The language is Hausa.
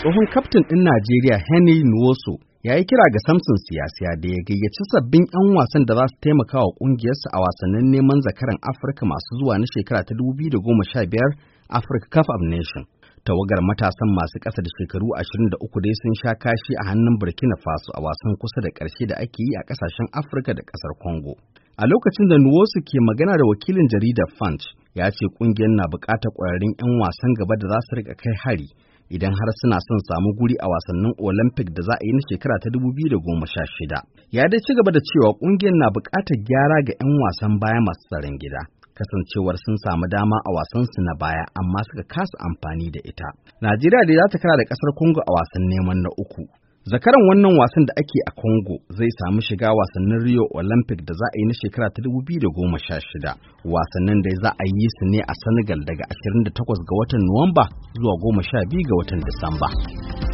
Tsohon kaftin ɗin Najeriya Henry Nwosu ya yi kira ga Samson siyasiya da ya gayyaci sabbin 'yan wasan da za su taimaka wa ƙungiyarsa a wasannin neman zakaran Afirka masu zuwa na shekara ta 2015 Africa Cup of Nation. Tawagar matasan masu ƙasa da shekaru 23 dai sun sha kashi a hannun Burkina Faso a wasan kusa da ƙarshe da ake yi a ƙasashen Afirka da ƙasar Congo. A lokacin da Nuwosu ke magana da wakilin jaridar Funch, ya ce ƙungiyar na buƙatar ƙwararrun 'yan wasan gaba da za su riƙa kai hari idan har suna son samu guri a wasannin Olympic da za a yi na shekara ta 2016. Ya dai ci gaba da cewa ƙungiyar na buƙatar gyara ga 'yan wasan baya masu tsaron gida. Kasancewar sun samu dama a wasan su na baya amma suka kasa amfani da ita. Najeriya dai za ta kara da ƙasar Congo a wasan neman na uku. Zakaran wannan wasan da ake a Congo zai samu shiga wasannin Rio Olympic da za a yi na shekara ta 2016. Wasannin dai za a yi su ne a Senegal daga 28 ga watan Nuwamba zuwa goma sha biyu ga watan Disamba.